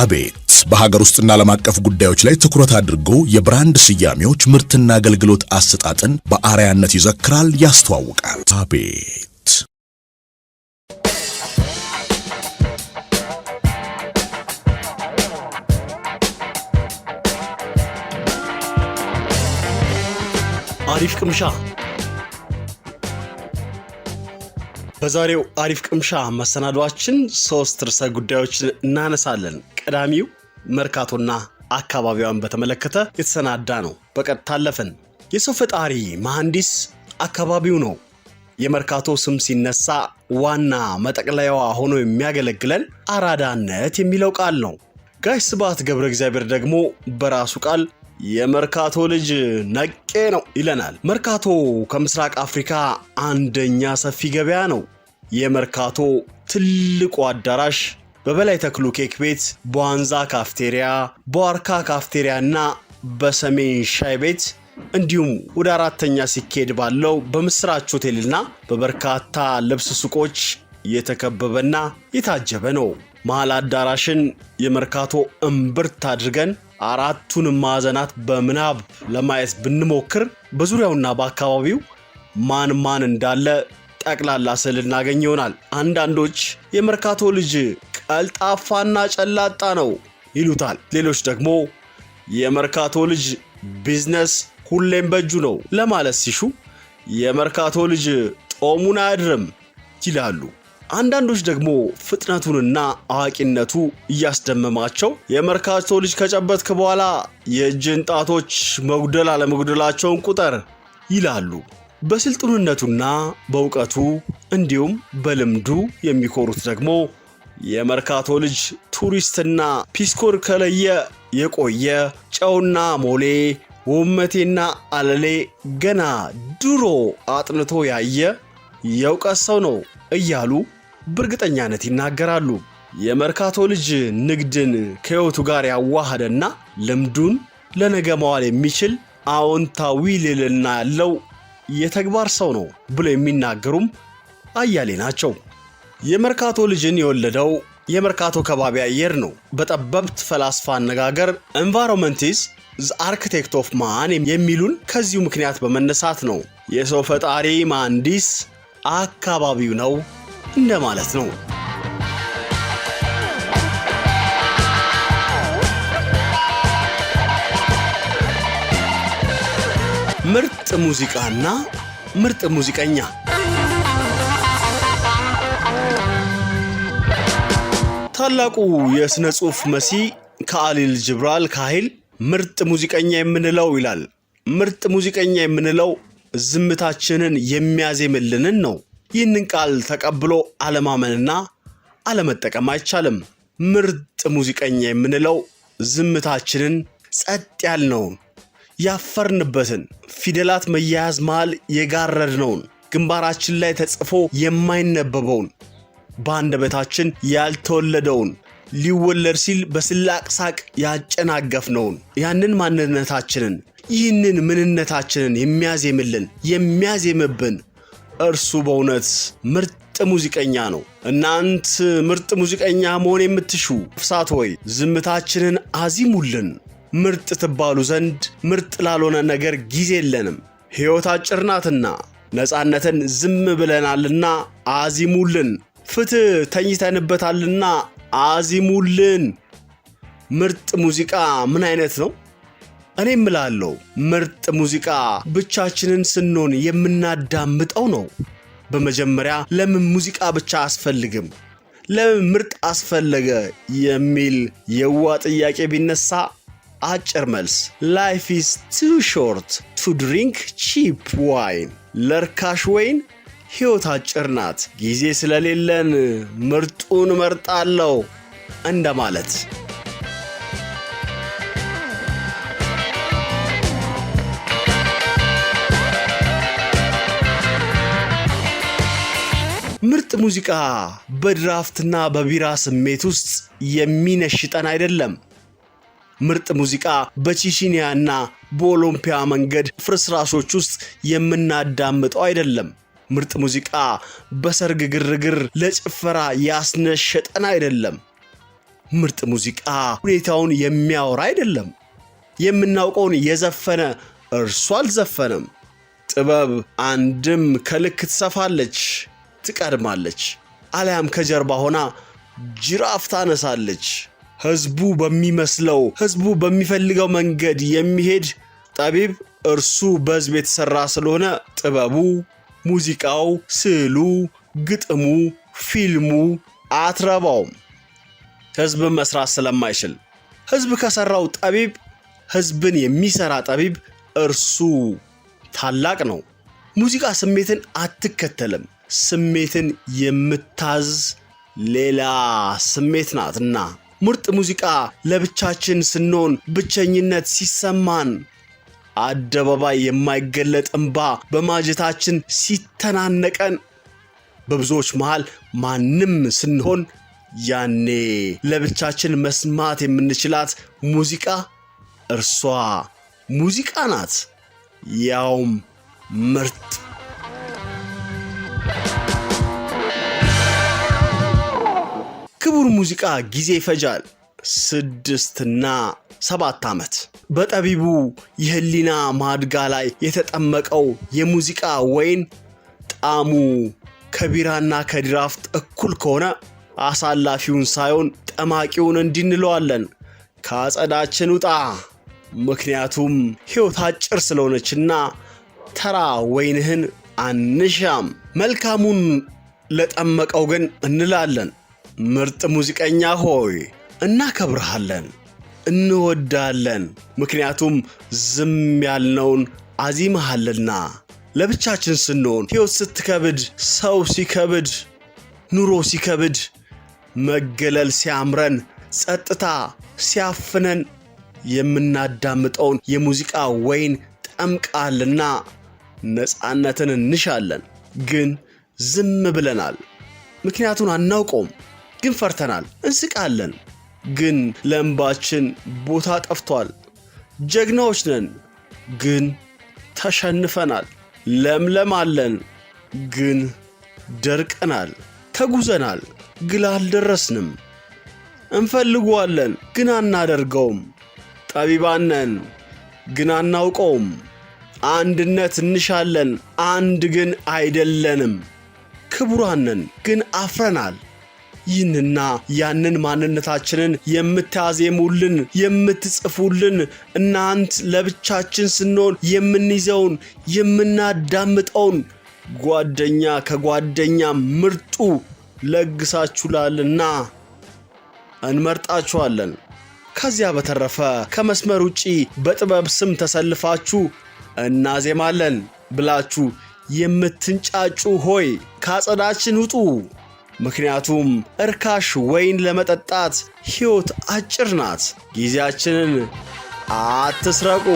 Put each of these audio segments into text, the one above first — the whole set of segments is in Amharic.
አቤት በሀገር ውስጥና ዓለም አቀፍ ጉዳዮች ላይ ትኩረት አድርጎ የብራንድ ስያሜዎች ምርትና አገልግሎት አሰጣጥን በአርአያነት ይዘክራል፣ ያስተዋውቃል። አቤት አሪፍ ቅምሻ በዛሬው አሪፍ ቅምሻ መሰናዷችን ሶስት ርዕሰ ጉዳዮችን እናነሳለን። ቀዳሚው መርካቶና አካባቢዋን በተመለከተ የተሰናዳ ነው። በቀጥታ አለፍን። የሰው ፈጣሪ መሐንዲስ አካባቢው ነው። የመርካቶ ስም ሲነሳ ዋና መጠቅለያዋ ሆኖ የሚያገለግለን አራዳነት የሚለው ቃል ነው። ጋሽ ስብሐት ገብረ እግዚአብሔር ደግሞ በራሱ ቃል የመርካቶ ልጅ ነቄ ነው ይለናል። መርካቶ ከምስራቅ አፍሪካ አንደኛ ሰፊ ገበያ ነው። የመርካቶ ትልቁ አዳራሽ በበላይ ተክሉ ኬክ ቤት፣ በዋንዛ ካፍቴሪያ፣ በዋርካ ካፍቴሪያ እና በሰሜን ሻይ ቤት እንዲሁም ወደ አራተኛ ሲኬድ ባለው በምስራች ሆቴልና በበርካታ ልብስ ሱቆች የተከበበና የታጀበ ነው። መሃል አዳራሽን የመርካቶ እምብርት አድርገን አራቱን ማዕዘናት በምናብ ለማየት ብንሞክር በዙሪያውና በአካባቢው ማን ማን እንዳለ ጠቅላላ ስዕል እናገኝ ይሆናል። አንዳንዶች የመርካቶ ልጅ ቀልጣፋና ጨላጣ ነው ይሉታል። ሌሎች ደግሞ የመርካቶ ልጅ ቢዝነስ ሁሌም በእጁ ነው ለማለት ሲሹ የመርካቶ ልጅ ጦሙን አያድርም ይላሉ። አንዳንዶች ደግሞ ፍጥነቱንና አዋቂነቱ እያስደመማቸው የመርካቶ ልጅ ከጨበትክ በኋላ የእጅን ጣቶች መጉደል አለመጉደላቸውን ቁጠር ይላሉ። በስልጡንነቱና በእውቀቱ እንዲሁም በልምዱ የሚኮሩት ደግሞ የመርካቶ ልጅ ቱሪስትና ፒስኮር ከለየ የቆየ ጨውና ሞሌ ወመቴና አለሌ ገና ድሮ አጥንቶ ያየ የእውቀት ሰው ነው እያሉ በእርግጠኛነት ይናገራሉ። የመርካቶ ልጅ ንግድን ከህይወቱ ጋር ያዋሃደና ልምዱን ለነገ መዋል የሚችል አዎንታዊ ልዕልና ያለው የተግባር ሰው ነው ብሎ የሚናገሩም አያሌ ናቸው። የመርካቶ ልጅን የወለደው የመርካቶ ከባቢ አየር ነው። በጠበብት ፈላስፋ አነጋገር ኤንቫይሮንመንቲስ ዘ አርክቴክት ኦፍ ማን የሚሉን ከዚሁ ምክንያት በመነሳት ነው። የሰው ፈጣሪ መሐንዲስ አካባቢው ነው እንደማለት ነው። ምርጥ ሙዚቃና ምርጥ ሙዚቀኛ ታላቁ የሥነ ጽሑፍ መሲ ከአሊል ጅብራል ካሂል ምርጥ ሙዚቀኛ የምንለው ይላል። ምርጥ ሙዚቀኛ የምንለው ዝምታችንን የሚያዜምልንን ነው። ይህንን ቃል ተቀብሎ አለማመንና አለመጠቀም አይቻልም። ምርጥ ሙዚቀኛ የምንለው ዝምታችንን ጸጥ ያልነውን፣ ያፈርንበትን፣ ፊደላት መያያዝ መሃል የጋረድነውን፣ ግንባራችን ላይ ተጽፎ የማይነበበውን፣ በአንደበታችን ያልተወለደውን ሊወለድ ሲል በስላቅ ሳቅ ያጨናገፍነውን ያንን ማንነታችንን ይህንን ምንነታችንን የሚያዜምልን የሚያዜምብን እርሱ በእውነት ምርጥ ሙዚቀኛ ነው። እናንት ምርጥ ሙዚቀኛ መሆን የምትሹ ፍሳት ሆይ ዝምታችንን አዚሙልን። ምርጥ ትባሉ ዘንድ ምርጥ ላልሆነ ነገር ጊዜ የለንም። ሕይወት አጭር ናትና ነፃነትን ዝም ብለናልና አዚሙልን። ፍትሕ ተኝተንበታልና አዚሙልን። ምርጥ ሙዚቃ ምን አይነት ነው? እኔ ምላለሁ ምርጥ ሙዚቃ ብቻችንን ስንሆን የምናዳምጠው ነው። በመጀመሪያ ለምን ሙዚቃ ብቻ አስፈልግም ለምን ምርጥ አስፈለገ የሚል የዋ ጥያቄ ቢነሳ አጭር መልስ ላይፍ ኢዝ ቱ ሾርት ቱ ድሪንክ ቺፕ ዋይን። ለርካሽ ወይን ሕይወት አጭር ናት፣ ጊዜ ስለሌለን ምርጡን እመርጣለሁ እንደማለት ሙዚቃ በድራፍትና በቢራ ስሜት ውስጥ የሚነሽጠን አይደለም። ምርጥ ሙዚቃ በቺቺኒያና በኦሎምፒያ መንገድ ፍርስራሾች ውስጥ የምናዳምጠው አይደለም። ምርጥ ሙዚቃ በሰርግ ግርግር ለጭፈራ ያስነሸጠን አይደለም። ምርጥ ሙዚቃ ሁኔታውን የሚያወራ አይደለም። የምናውቀውን የዘፈነ እርሱ አልዘፈነም። ጥበብ አንድም ከልክ ትሰፋለች ትቀድማለች፣ አሊያም ከጀርባ ሆና ጅራፍ ታነሳለች። ህዝቡ በሚመስለው ህዝቡ በሚፈልገው መንገድ የሚሄድ ጠቢብ እርሱ በህዝብ የተሰራ ስለሆነ ጥበቡ፣ ሙዚቃው፣ ስዕሉ፣ ግጥሙ፣ ፊልሙ አትረባውም ህዝብ መስራት ስለማይችል። ህዝብ ከሰራው ጠቢብ ህዝብን የሚሰራ ጠቢብ እርሱ ታላቅ ነው። ሙዚቃ ስሜትን አትከተልም። ስሜትን የምታዝ ሌላ ስሜት ናት እና ምርጥ ሙዚቃ ለብቻችን ስንሆን፣ ብቸኝነት ሲሰማን፣ አደባባይ የማይገለጥ እንባ በማጀታችን ሲተናነቀን፣ በብዙዎች መሃል ማንም ስንሆን ያኔ ለብቻችን መስማት የምንችላት ሙዚቃ እርሷ ሙዚቃ ናት፣ ያውም ምርጥ ለክቡር ሙዚቃ ጊዜ ይፈጃል። ስድስትና ሰባት ዓመት በጠቢቡ የህሊና ማድጋ ላይ የተጠመቀው የሙዚቃ ወይን ጣዕሙ ከቢራና ከድራፍት እኩል ከሆነ አሳላፊውን ሳይሆን ጠማቂውን እንዲንለዋለን ከአጸዳችን ውጣ። ምክንያቱም ሕይወት አጭር ስለሆነችና ተራ ወይንህን አንሻም። መልካሙን ለጠመቀው ግን እንላለን። ምርጥ ሙዚቀኛ ሆይ እናከብርሃለን፣ እንወዳለን። ምክንያቱም ዝም ያልነውን አዚመሃልና። ለብቻችን ስንሆን ሕይወት ስትከብድ፣ ሰው ሲከብድ፣ ኑሮ ሲከብድ፣ መገለል ሲያምረን፣ ጸጥታ ሲያፍነን የምናዳምጠውን የሙዚቃ ወይን ጠምቃልና ነፃነትን እንሻለን፣ ግን ዝም ብለናል። ምክንያቱን አናውቀውም። ግን ፈርተናል፣ እንስቃለን፣ ግን ለእንባችን ቦታ ጠፍቷል። ጀግናዎች ነን፣ ግን ተሸንፈናል። ለምለም አለን፣ ግን ደርቀናል። ተጉዘናል፣ ግን አልደረስንም። እንፈልገዋለን፣ ግን አናደርገውም። ጠቢባን ነን፣ ግን አናውቀውም። አንድነት እንሻለን፣ አንድ ግን አይደለንም። ክቡራን ነን፣ ግን አፍረናል። ይህንና ያንን ማንነታችንን የምታዜሙልን የምትጽፉልን እናንት ለብቻችን ስንሆን የምንይዘውን የምናዳምጠውን ጓደኛ ከጓደኛ ምርጡ ለግሳችሁላልና እንመርጣችኋለን። ከዚያ በተረፈ ከመስመር ውጪ በጥበብ ስም ተሰልፋችሁ እናዜማለን ብላችሁ የምትንጫጩ ሆይ ካጸዳችን ውጡ። ምክንያቱም እርካሽ ወይን ለመጠጣት ሕይወት አጭር ናት። ጊዜያችንን አትስረቁ።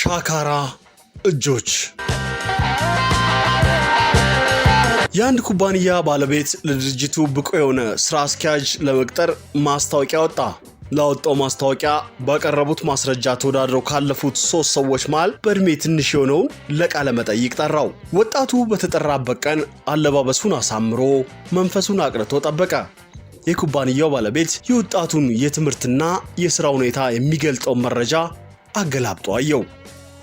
ሻካራ እጆች የአንድ ኩባንያ ባለቤት ለድርጅቱ ብቁ የሆነ ሥራ አስኪያጅ ለመቅጠር ማስታወቂያ ወጣ። ላወጣው ማስታወቂያ ባቀረቡት ማስረጃ ተወዳድረው ካለፉት ሶስት ሰዎች መሃል በእድሜ ትንሽ የሆነውን ለቃለ መጠይቅ ጠራው። ወጣቱ በተጠራበት ቀን አለባበሱን አሳምሮ መንፈሱን አቅርቶ ጠበቀ። የኩባንያው ባለቤት የወጣቱን የትምህርትና የሥራ ሁኔታ የሚገልጠውን መረጃ አገላብጦ አየው።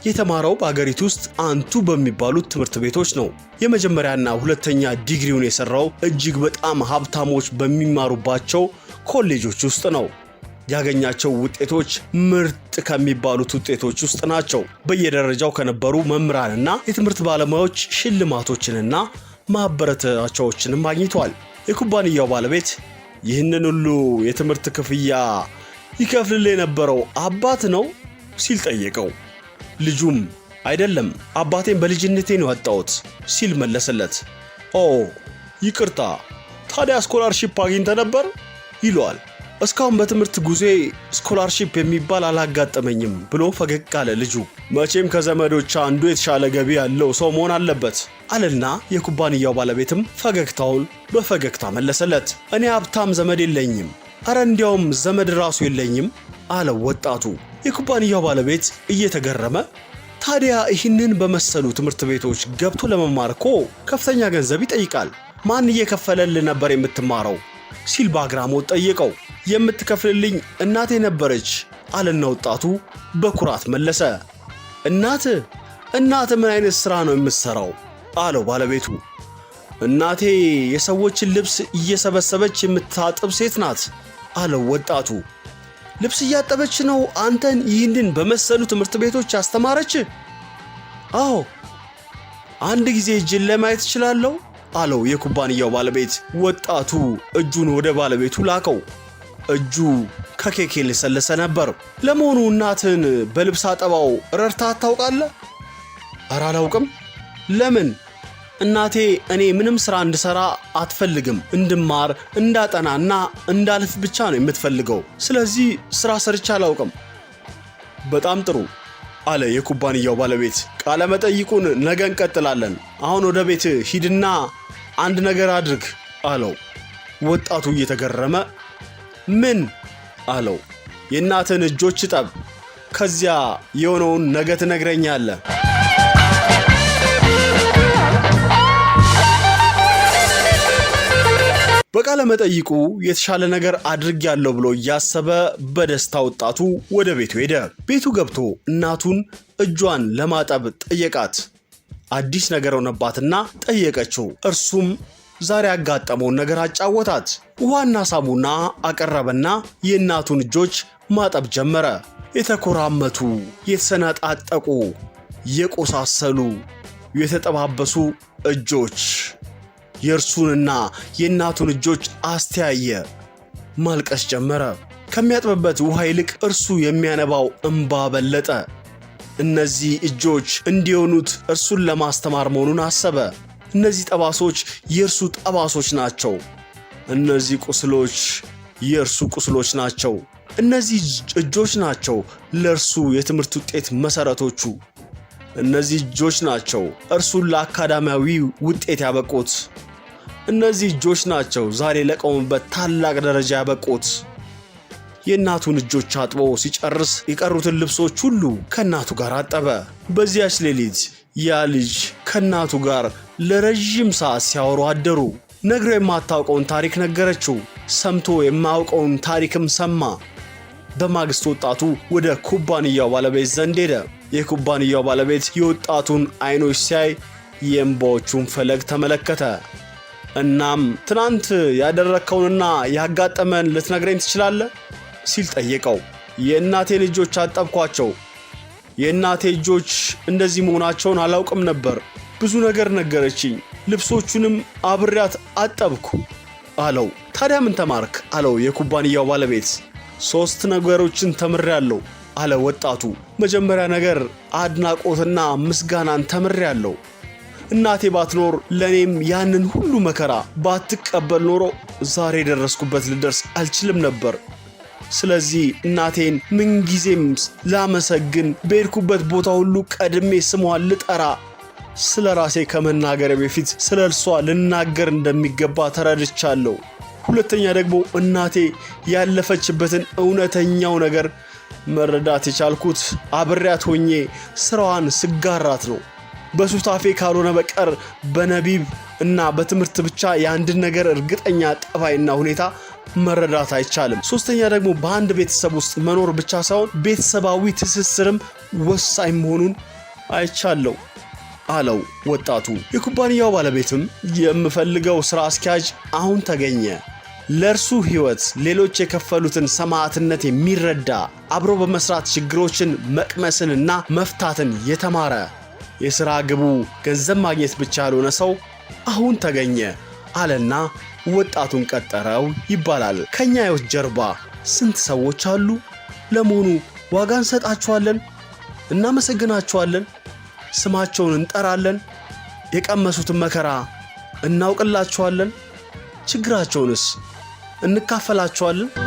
የተማረው በአገሪቱ ውስጥ አንቱ በሚባሉት ትምህርት ቤቶች ነው። የመጀመሪያና ሁለተኛ ዲግሪውን የሰራው እጅግ በጣም ሀብታሞች በሚማሩባቸው ኮሌጆች ውስጥ ነው። ያገኛቸው ውጤቶች ምርጥ ከሚባሉት ውጤቶች ውስጥ ናቸው። በየደረጃው ከነበሩ መምህራንና የትምህርት ባለሙያዎች ሽልማቶችንና ማበረታቻዎችንም ማግኝቷል። የኩባንያው ባለቤት ይህንን ሁሉ የትምህርት ክፍያ ይከፍልል የነበረው አባት ነው ሲል ጠየቀው። ልጁም አይደለም አባቴን በልጅነቴ ነው ያጣሁት ሲል መለሰለት። ኦ ይቅርታ፣ ታዲያ ስኮላርሺፕ አግኝተ ነበር ይለዋል። እስካሁን በትምህርት ጉዜ ስኮላርሺፕ የሚባል አላጋጠመኝም ብሎ ፈገግ አለ ልጁ። መቼም ከዘመዶች አንዱ የተሻለ ገቢ ያለው ሰው መሆን አለበት አለና የኩባንያው ባለቤትም ፈገግታውን በፈገግታ መለሰለት። እኔ ሀብታም ዘመድ የለኝም፣ አረ እንዲያውም ዘመድ ራሱ የለኝም አለው ወጣቱ። የኩባንያው ባለቤት እየተገረመ ታዲያ ይህንን በመሰሉ ትምህርት ቤቶች ገብቶ ለመማር እኮ ከፍተኛ ገንዘብ ይጠይቃል። ማን እየከፈለል ነበር የምትማረው ሲል በአግራሞት ጠየቀው። የምትከፍልልኝ እናቴ ነበረች አለና ወጣቱ በኩራት መለሰ። እናት እናት ምን አይነት ስራ ነው የምትሰራው አለው ባለቤቱ። እናቴ የሰዎችን ልብስ እየሰበሰበች የምታጥብ ሴት ናት አለው ወጣቱ። ልብስ እያጠበች ነው አንተን ይህንን በመሰሉ ትምህርት ቤቶች አስተማረች? አዎ። አንድ ጊዜ እጅን ለማየት እችላለሁ? አለው የኩባንያው ባለቤት። ወጣቱ እጁን ወደ ባለቤቱ ላቀው እጁ ከኬክ የለሰለሰ ነበር። ለመሆኑ እናትን በልብስ አጠባው ረድታት አታውቃለ ኧረ አላውቅም። ለምን? እናቴ እኔ ምንም ሥራ እንድሠራ አትፈልግም። እንድማር እንዳጠናና እንዳልፍ ብቻ ነው የምትፈልገው። ስለዚህ ሥራ ሰርቼ አላውቅም። በጣም ጥሩ አለ የኩባንያው ባለቤት። ቃለ መጠይቁን ነገ እንቀጥላለን። አሁን ወደ ቤት ሂድና አንድ ነገር አድርግ አለው። ወጣቱ እየተገረመ ምን አለው። የእናትን እጆች ጠብ፣ ከዚያ የሆነውን ነገ ትነግረኛለህ። በቃለ መጠይቁ የተሻለ ነገር አድርጌያለሁ ብሎ እያሰበ በደስታ ወጣቱ ወደ ቤቱ ሄደ። ቤቱ ገብቶ እናቱን እጇን ለማጠብ ጠየቃት። አዲስ ነገር ሆነባትና ጠየቀችው። እርሱም ዛሬ ያጋጠመውን ነገር አጫወታት። ውሃና ሳሙና አቀረበና የእናቱን እጆች ማጠብ ጀመረ። የተኮራመቱ፣ የተሰነጣጠቁ፣ የቆሳሰሉ፣ የተጠባበሱ እጆች የእርሱንና የእናቱን እጆች አስተያየ። ማልቀስ ጀመረ። ከሚያጥብበት ውሃ ይልቅ እርሱ የሚያነባው እምባ በለጠ። እነዚህ እጆች እንዲሆኑት እርሱን ለማስተማር መሆኑን አሰበ። እነዚህ ጠባሶች የእርሱ ጠባሶች ናቸው። እነዚህ ቁስሎች የእርሱ ቁስሎች ናቸው። እነዚህ እጆች ናቸው ለእርሱ የትምህርት ውጤት መሠረቶቹ። እነዚህ እጆች ናቸው እርሱን ለአካዳሚያዊ ውጤት ያበቁት። እነዚህ እጆች ናቸው ዛሬ ለቆሙበት ታላቅ ደረጃ ያበቁት። የእናቱን እጆች አጥቦ ሲጨርስ የቀሩትን ልብሶች ሁሉ ከእናቱ ጋር አጠበ። በዚያች ሌሊት ያ ልጅ ከእናቱ ጋር ለረዥም ሰዓት ሲያወሩ አደሩ። ነግሮ የማታውቀውን ታሪክ ነገረችው። ሰምቶ የማያውቀውን ታሪክም ሰማ። በማግስት ወጣቱ ወደ ኩባንያው ባለቤት ዘንድ ሄደ። የኩባንያው ባለቤት የወጣቱን አይኖች ሲያይ የእንባዎቹን ፈለግ ተመለከተ። እናም ትናንት ያደረግከውንና ያጋጠመን ልትነግረኝ ትችላለህ? ሲል ጠየቀው። የእናቴ ልጆች አጠብኳቸው። የእናቴ እጆች እንደዚህ መሆናቸውን አላውቅም ነበር። ብዙ ነገር ነገረችኝ። ልብሶቹንም አብሬያት አጠብኩ አለው። ታዲያ ምን ተማርክ? አለው የኩባንያው ባለቤት። ሦስት ነገሮችን ተምሬያለሁ አለ ወጣቱ። መጀመሪያ ነገር አድናቆትና ምስጋናን ተምሬያለሁ። እናቴ ባትኖር ለእኔም ያንን ሁሉ መከራ ባትቀበል ኖሮ ዛሬ የደረስኩበት ልደርስ አልችልም ነበር ስለዚህ እናቴን ምንጊዜም ላመሰግን በሄድኩበት ቦታ ሁሉ ቀድሜ ስሟን ልጠራ ስለ ራሴ ከመናገር በፊት ስለ እርሷ ልናገር እንደሚገባ ተረድቻለሁ። ሁለተኛ ደግሞ እናቴ ያለፈችበትን እውነተኛው ነገር መረዳት የቻልኩት አብሬያት ሆኜ ስራዋን ስጋራት ነው። በሱታፌ ካልሆነ በቀር በነቢብ እና በትምህርት ብቻ የአንድን ነገር እርግጠኛ ጠባይና ሁኔታ መረዳት አይቻልም። ሶስተኛ ደግሞ በአንድ ቤተሰብ ውስጥ መኖር ብቻ ሳይሆን ቤተሰባዊ ትስስርም ወሳኝ መሆኑን አይቻለው አለው ወጣቱ። የኩባንያው ባለቤትም የምፈልገው ስራ አስኪያጅ አሁን ተገኘ ለእርሱ ህይወት ሌሎች የከፈሉትን ሰማዕትነት የሚረዳ አብሮ በመስራት ችግሮችን መቅመስንና መፍታትን የተማረ የሥራ ግቡ ገንዘብ ማግኘት ብቻ ያልሆነ ሰው አሁን ተገኘ አለና ወጣቱን ቀጠረው ይባላል። ከኛ ሕይወት ጀርባ ስንት ሰዎች አሉ? ለመሆኑ ዋጋ እንሰጣቸዋለን? እናመሰግናችኋለን፣ ስማቸውን እንጠራለን? የቀመሱትን መከራ እናውቅላቸዋለን? ችግራቸውንስ እንካፈላቸዋለን?